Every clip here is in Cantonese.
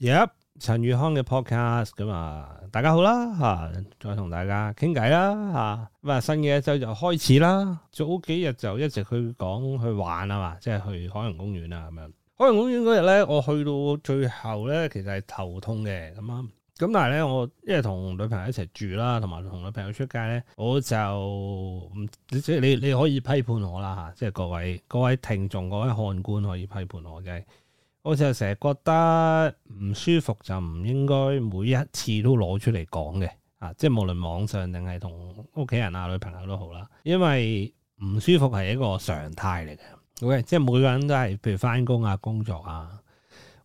Yep 陳宇康嘅 podcast 咁啊，大家好啦，吓再同大家傾偈啦，吓咁啊新嘅一周就開始啦。早幾日就一直去講去玩啊嘛，即係去海洋公園啊咁樣。海洋公園嗰日咧，我去到最後咧，其實係頭痛嘅咁啊。咁但係咧，我因為同女朋友一齊住啦，同埋同女朋友出街咧，我就唔即係你你可以批判我啦吓，即係各位各位聽眾各位看官可以批判我嘅。我就成日覺得唔舒服就唔應該每一次都攞出嚟講嘅啊！即係無論網上定係同屋企人啊、女朋友都好啦，因為唔舒服係一個常態嚟嘅。好嘅，即係每個人都係，譬如返工啊、工作啊，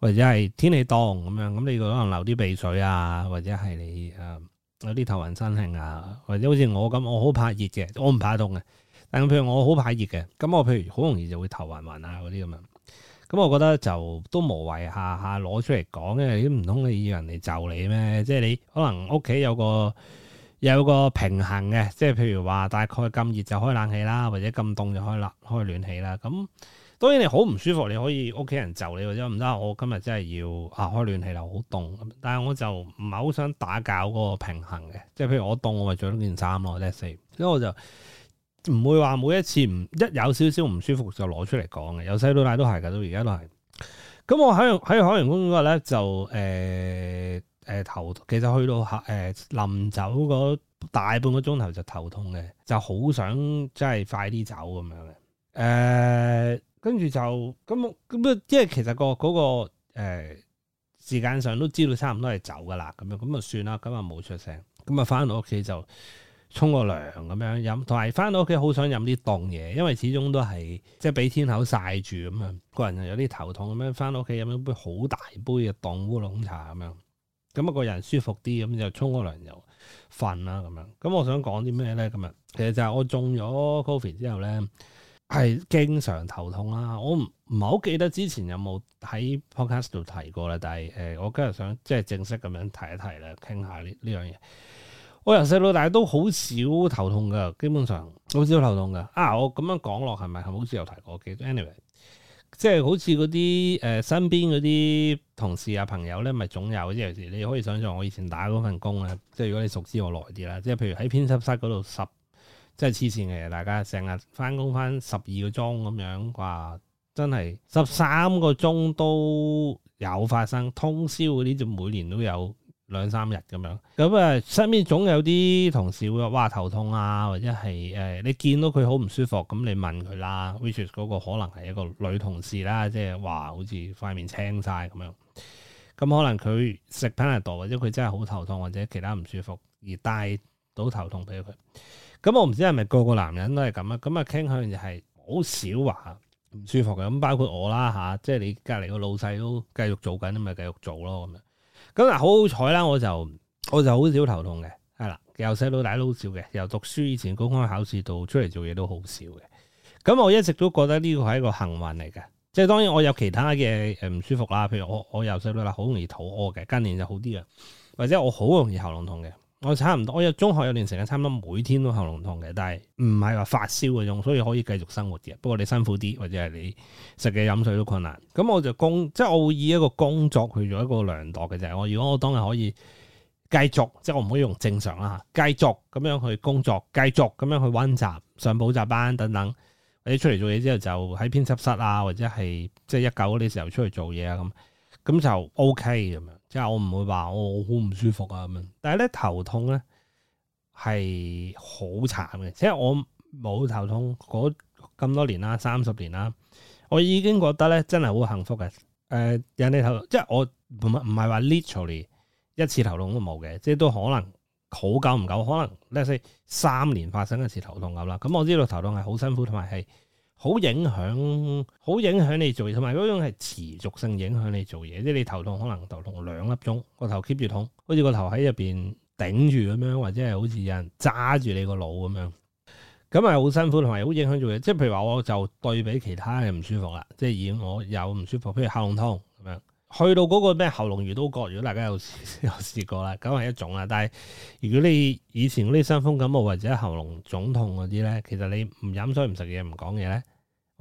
或者係天氣凍咁樣，咁、嗯、你可能流啲鼻水啊，或者係你誒、啊、有啲頭暈身㷫啊，或者好似我咁，我好怕熱嘅，我唔怕凍嘅。但係譬如我好怕熱嘅，咁我譬如好容易就會頭暈暈啊嗰啲咁樣。咁、嗯、我覺得就都無謂下下攞出嚟講，因為啲唔通你要人嚟就你咩？即係你可能屋企有個有個平衡嘅，即係譬如話大概咁熱就開冷氣啦，或者咁凍就開冷開暖氣啦。咁、嗯、當然你好唔舒服，你可以屋企人就你，或者唔得我今日真係要、啊、開暖氣就好凍。但係我就唔係好想打攪嗰個平衡嘅，即係譬如我凍我咪着咗件衫咯，即係四。我就。唔會話每一次唔一有少少唔舒服就攞出嚟講嘅，由細到大都係噶，到都而家都係。咁我喺喺海洋公園嗰日咧就，誒誒、呃呃、頭，其實去到吓誒臨走嗰大半個鐘頭就頭痛嘅，就好想即係快啲走咁樣嘅。誒、呃，跟住就咁咁啊，即係其實、嗰個嗰、嗰個誒、呃、時間上都知道差唔多係走噶啦，咁樣咁啊算啦，咁啊冇出聲，咁啊翻到屋企就。沖個涼咁樣飲，同埋翻到屋企好想飲啲凍嘢，因為始終都係即係俾天口曬住咁樣，個人又有啲頭痛咁樣，翻到屋企飲一杯好大杯嘅凍烏龍茶咁樣，咁啊個人舒服啲，咁就沖個涼又瞓啦咁樣。咁我想講啲咩咧？咁樣其實就係我中咗 Covid 之後咧，係經常頭痛啦。我唔唔係好記得之前有冇喺 Podcast 度提過啦，但係誒、呃，我今日想即係正式咁樣提一提啦，傾下呢呢樣嘢。我由細到大都好少頭痛㗎，基本上好少頭痛㗎。啊，我咁樣講落係咪？係好似有提過嘅？anyway，即係好似嗰啲誒身邊嗰啲同事啊朋友咧，咪總有即係有時你可以想象我以前打嗰份工啊，即係如果你熟知我耐啲啦，即係譬如喺編輯室嗰度十，即係黐線嘅，大家成日翻工翻十二個鐘咁樣哇，真係十三個鐘都有發生，通宵嗰啲就每年都有。兩三日咁樣，咁、嗯、啊身邊總有啲同事會話哇，頭痛啊，或者係誒、呃、你見到佢好唔舒服，咁你問佢啦。which 嗰個可能係一個女同事啦，即係話好似塊面青晒咁樣，咁、嗯、可能佢食 Panadol 或者佢真係好頭痛，或者其他唔舒服而帶到頭痛俾佢。咁、嗯、我唔知係咪個個男人都係咁啊？咁啊傾向就係好少話唔舒服嘅。咁、嗯、包括我啦吓、啊，即係你隔籬個老細都繼續做緊，咪繼續做咯咁樣。咁啊，好好彩啦！我就我就好少頭痛嘅，係啦，由細到大都好少嘅，由讀書以前公開考試到出嚟做嘢都好少嘅。咁我一直都覺得呢個係一個幸運嚟嘅，即、就、係、是、當然我有其他嘅誒唔舒服啦，譬如我我由細到大好容易肚屙嘅，近年就好啲啊，或者我好容易喉嚨痛嘅。我差唔多，我有中學有段時間差唔多每天都喉嚨痛嘅，但係唔係話發燒嗰種，所以可以繼續生活嘅。不過你辛苦啲，或者係你食嘢、飲水都困難。咁我就工，即係我會以一個工作去做一個量度嘅啫。就係、我如果我當日可以繼續，即係我唔可以用正常啦嚇，繼續咁樣去工作，繼續咁樣去溫習、上補習班等等，或者出嚟做嘢之後就喺編輯室啊，或者係即係一九嗰啲時候出去做嘢啊咁，咁就 OK 咁樣。即係我唔會話我好唔舒服啊咁樣，但係咧頭痛咧係好慘嘅。即係我冇頭痛嗰咁多年啦，啊，三十年啦，啊，我已經覺得咧真係好幸福嘅。誒、呃，人哋頭即係我唔唔係話 literally 一次頭痛都冇嘅，即係都可能好久唔久，可能呢三年發生一次頭痛咁啦。咁、嗯、我知道頭痛係好辛苦，同埋係。好影響，好影響你做嘢，同埋嗰種係持續性影響你做嘢，即係你頭痛可能頭痛兩粒鐘，個頭 keep 住痛，好似個頭喺入邊頂住咁樣，或者係好似有人揸住你個腦咁樣，咁係好辛苦，同埋好影響做嘢。即係譬如話，我就對比其他嘅唔舒服啦，即係而我有唔舒服，譬如喉嚨痛咁樣，去到嗰個咩喉嚨魚都割咗，如果大家有有試過啦，咁係一種啊。但係如果你以前嗰啲傷風感冒或者喉嚨腫痛嗰啲咧，其實你唔飲水、唔食嘢、唔講嘢咧。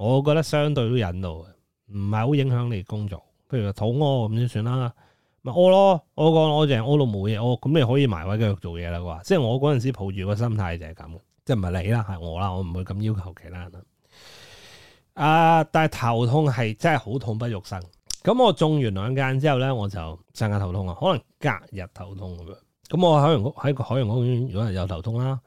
我覺得相對都忍到嘅，唔係好影響你工作。譬如話肚屙咁先算啦，咪屙咯，我講我淨係屙到冇嘢，我咁你可以埋位繼續做嘢啦啩。即係我嗰陣時抱住個心態就係咁嘅，即係唔係你啦，係我啦，我唔會咁要求其他人啦。啊，但係頭痛係真係好痛不欲生。咁我中完兩間之後咧，我就陣間頭痛啊，可能隔日頭痛咁樣。咁我海洋喺海洋公園，如果係有頭痛啦，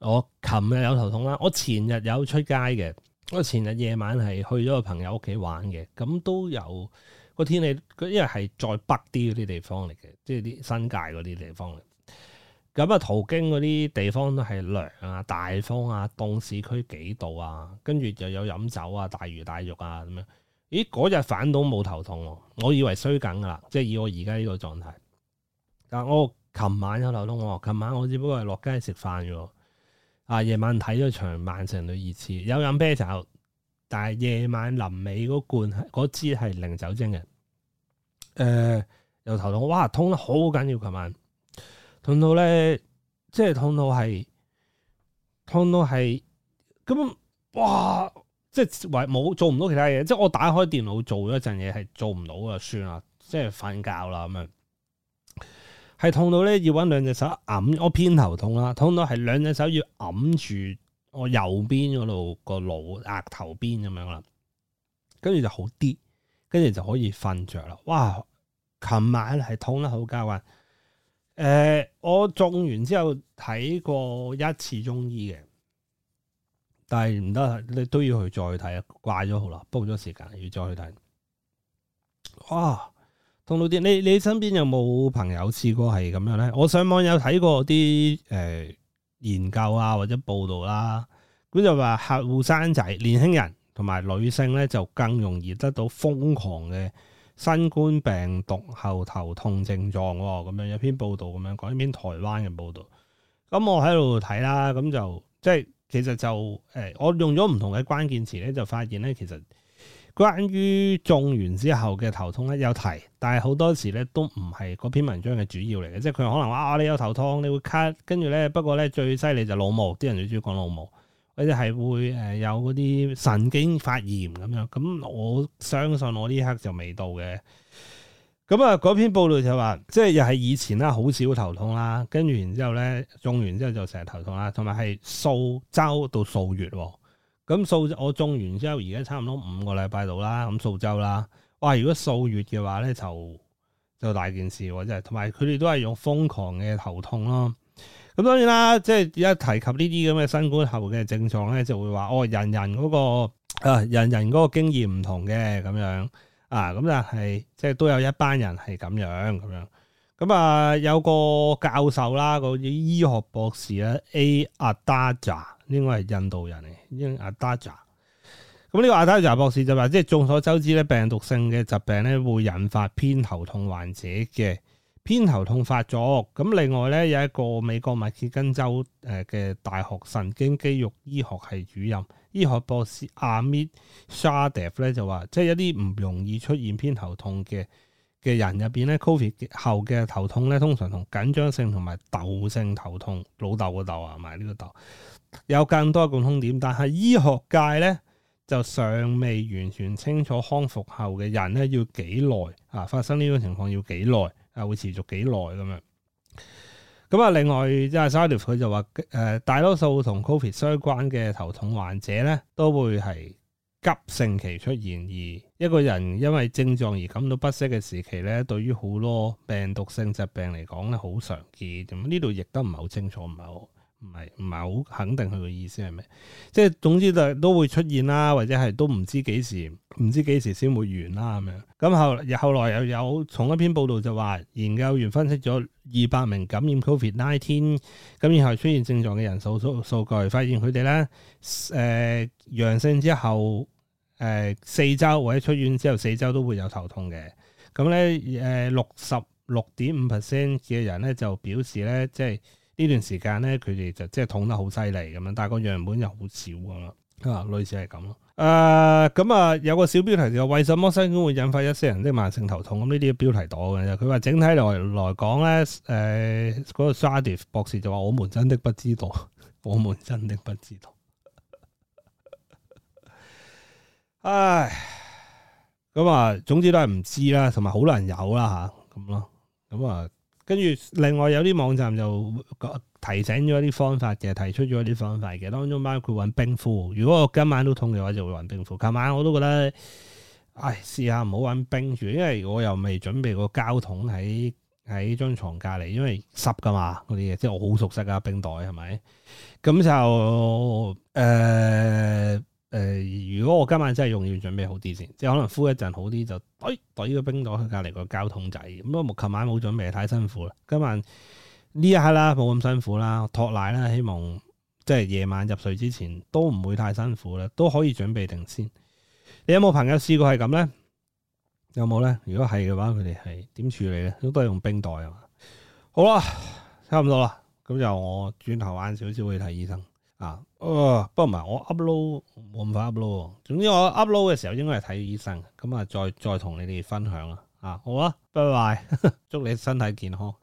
我琴日有頭痛啦，我前日有出街嘅。我前日夜晚係去咗個朋友屋企玩嘅，咁都有個天氣，因為係再北啲嗰啲地方嚟嘅，即係啲新界嗰啲地方嚟。咁啊，途經嗰啲地方都係涼啊，大風啊，凍市區幾度啊，跟住又有飲酒啊，大魚大肉啊咁樣。咦，嗰日返到冇頭痛，啊，我以為衰緊噶啦，即係以我而家呢個狀態。但我琴晚有頭痛喎，琴晚我只不過係落街食飯嘅。啊！夜晚睇咗場曼城對熱刺，有飲啤酒，但係夜晚臨尾嗰罐嗰支係零酒精嘅，誒、呃、由頭痛，哇痛得好緊要！琴晚痛到咧，即係痛到係痛到係咁，哇！即係為冇做唔到其他嘢，即係我打開電腦做咗一陣嘢係做唔到啊，算啦，即係瞓覺啦咁。係痛到咧，要搵兩隻手揞我偏頭痛啦，痛到係兩隻手要揞住我右邊嗰度個腦額頭邊咁樣啦，跟住就好啲，跟住就可以瞓着啦。哇！琴晚係痛得好交運，誒、呃，我中完之後睇過一次中醫嘅，但係唔得，你都要去再睇，怪咗好啦，煲咗時間要再去睇。哇！痛到啲，你你身邊有冇朋友試過係咁樣咧？我上網有睇過啲誒、呃、研究啊或者報道啦、啊，咁就話客戶生仔，年輕人同埋女性咧就更容易得到瘋狂嘅新冠病毒後頭痛症狀、啊。咁樣有篇報道咁樣，講一篇台灣嘅報道。咁我喺度睇啦，咁就即係其實就誒、呃，我用咗唔同嘅關鍵詞咧，就發現咧，其實。關於種完之後嘅頭痛咧，有提，但係好多時咧都唔係嗰篇文章嘅主要嚟嘅，即係佢可能話啊你有頭痛，你會咳呢」跟住咧，不過咧最犀利就係腦膜，啲人最主要講腦膜，或者係會誒有嗰啲神經發炎咁樣。咁我相信我呢刻就未到嘅。咁、嗯、啊，嗰篇報道就話，即係又係以前啦，好少頭痛啦，跟住然之後咧種完之後就成日頭痛啦，同埋係數週到數月。咁數我種完之後，而家差唔多五個禮拜度啦，咁數週啦。哇！如果數月嘅話咧，就就大件事或者係，同埋佢哋都係用瘋狂嘅頭痛咯。咁當然啦，即係一提及呢啲咁嘅新冠後嘅症狀咧，就會話哦，人人嗰個啊，人人嗰個經驗唔同嘅咁樣啊，咁但係即係都有一班人係咁樣咁樣。咁啊、嗯，有個教授啦，個醫學博士咧，A 阿達扎應該係印度人嚟，應阿達扎咁呢個阿達扎博士就話，即係眾所周知咧，病毒性嘅疾病咧會引發偏頭痛患者嘅偏頭痛發作。咁、嗯、另外咧有一個美國密歇根州誒嘅大學神經肌肉醫學系主任醫學博士阿 Mit 米沙德咧就話，即係一啲唔容易出現偏頭痛嘅。嘅人入邊咧，Covid 後嘅頭痛咧，通常同緊張性同埋竇性頭痛、老豆嘅豆啊，唔係呢個豆有更多共通點，但係醫學界咧就尚未完全清楚康復後嘅人咧要幾耐啊，發生呢種情況要幾耐啊，會持續幾耐咁樣。咁啊，另外即係 Sideleaf 佢就話、是、誒，大多數同 Covid 相關嘅頭痛患者咧都會係。急性期出現，而一個人因為症狀而感到不適嘅時期咧，對於好多病毒性疾病嚟講咧，好常見咁。呢度亦都唔係好清楚，唔係唔係唔係好肯定佢嘅意思係咩？即係總之就都會出現啦，或者係都唔知幾時唔知幾時先會完啦咁樣。咁後後來又有從一篇報道就話，研究員分析咗二百名感染 COVID-19 咁，然後出現症狀嘅人數數數據，發現佢哋咧誒陽性之後。誒、呃，四周或者出院之後四周都會有頭痛嘅，咁咧誒，六十六點五 percent 嘅人咧就表示咧，即係呢段時間咧，佢哋就即係痛得好犀利咁樣，但係個樣本又好少咁樣，啊，類似係咁咯，誒、呃，咁、嗯、啊、呃、有個小標題就為什麼新冠會引發一些人的慢性頭痛？咁呢啲標題黨嘅，佢話整體來來講咧，誒、呃，嗰、那個 Shadif 博士就話，我們真的不知道，我們真的不知道。唉，咁啊，總之都係唔知啦，同埋好難有啦吓，咁咯，咁啊，跟住、啊、另外有啲網站就提醒咗一啲方法嘅，提出咗一啲方法嘅。當中包括揾冰敷，如果我今晚都痛嘅話，就會揾冰敷。琴晚我都覺得，唉，試下唔好揾冰住，因為我又未準備個膠桶喺喺張床隔籬，因為濕噶嘛，嗰啲嘢，即係我好熟悉噶。冰袋係咪？咁就誒。呃誒、呃，如果我今晚真係用要準備好啲先，即係可能敷一陣好啲就，誒，袋依個冰袋去隔籬個膠桶仔，咁我琴晚冇準備太辛苦，辛苦啦。今晚呢一刻啦，冇咁辛苦啦，托奶啦，希望即係夜晚入睡之前都唔會太辛苦啦，都可以準備定先。你有冇朋友試過係咁咧？有冇咧？如果係嘅話，佢哋係點處理咧？都都係用冰袋啊嘛。好啦，差唔多啦，咁就我轉頭晏少少去睇醫生。啊、呃，不過唔係，我 upload 冇咁快 upload，總之我 upload 嘅時候應該係睇醫生，咁啊再再同你哋分享啦，啊好啊，拜拜， 祝你身體健康。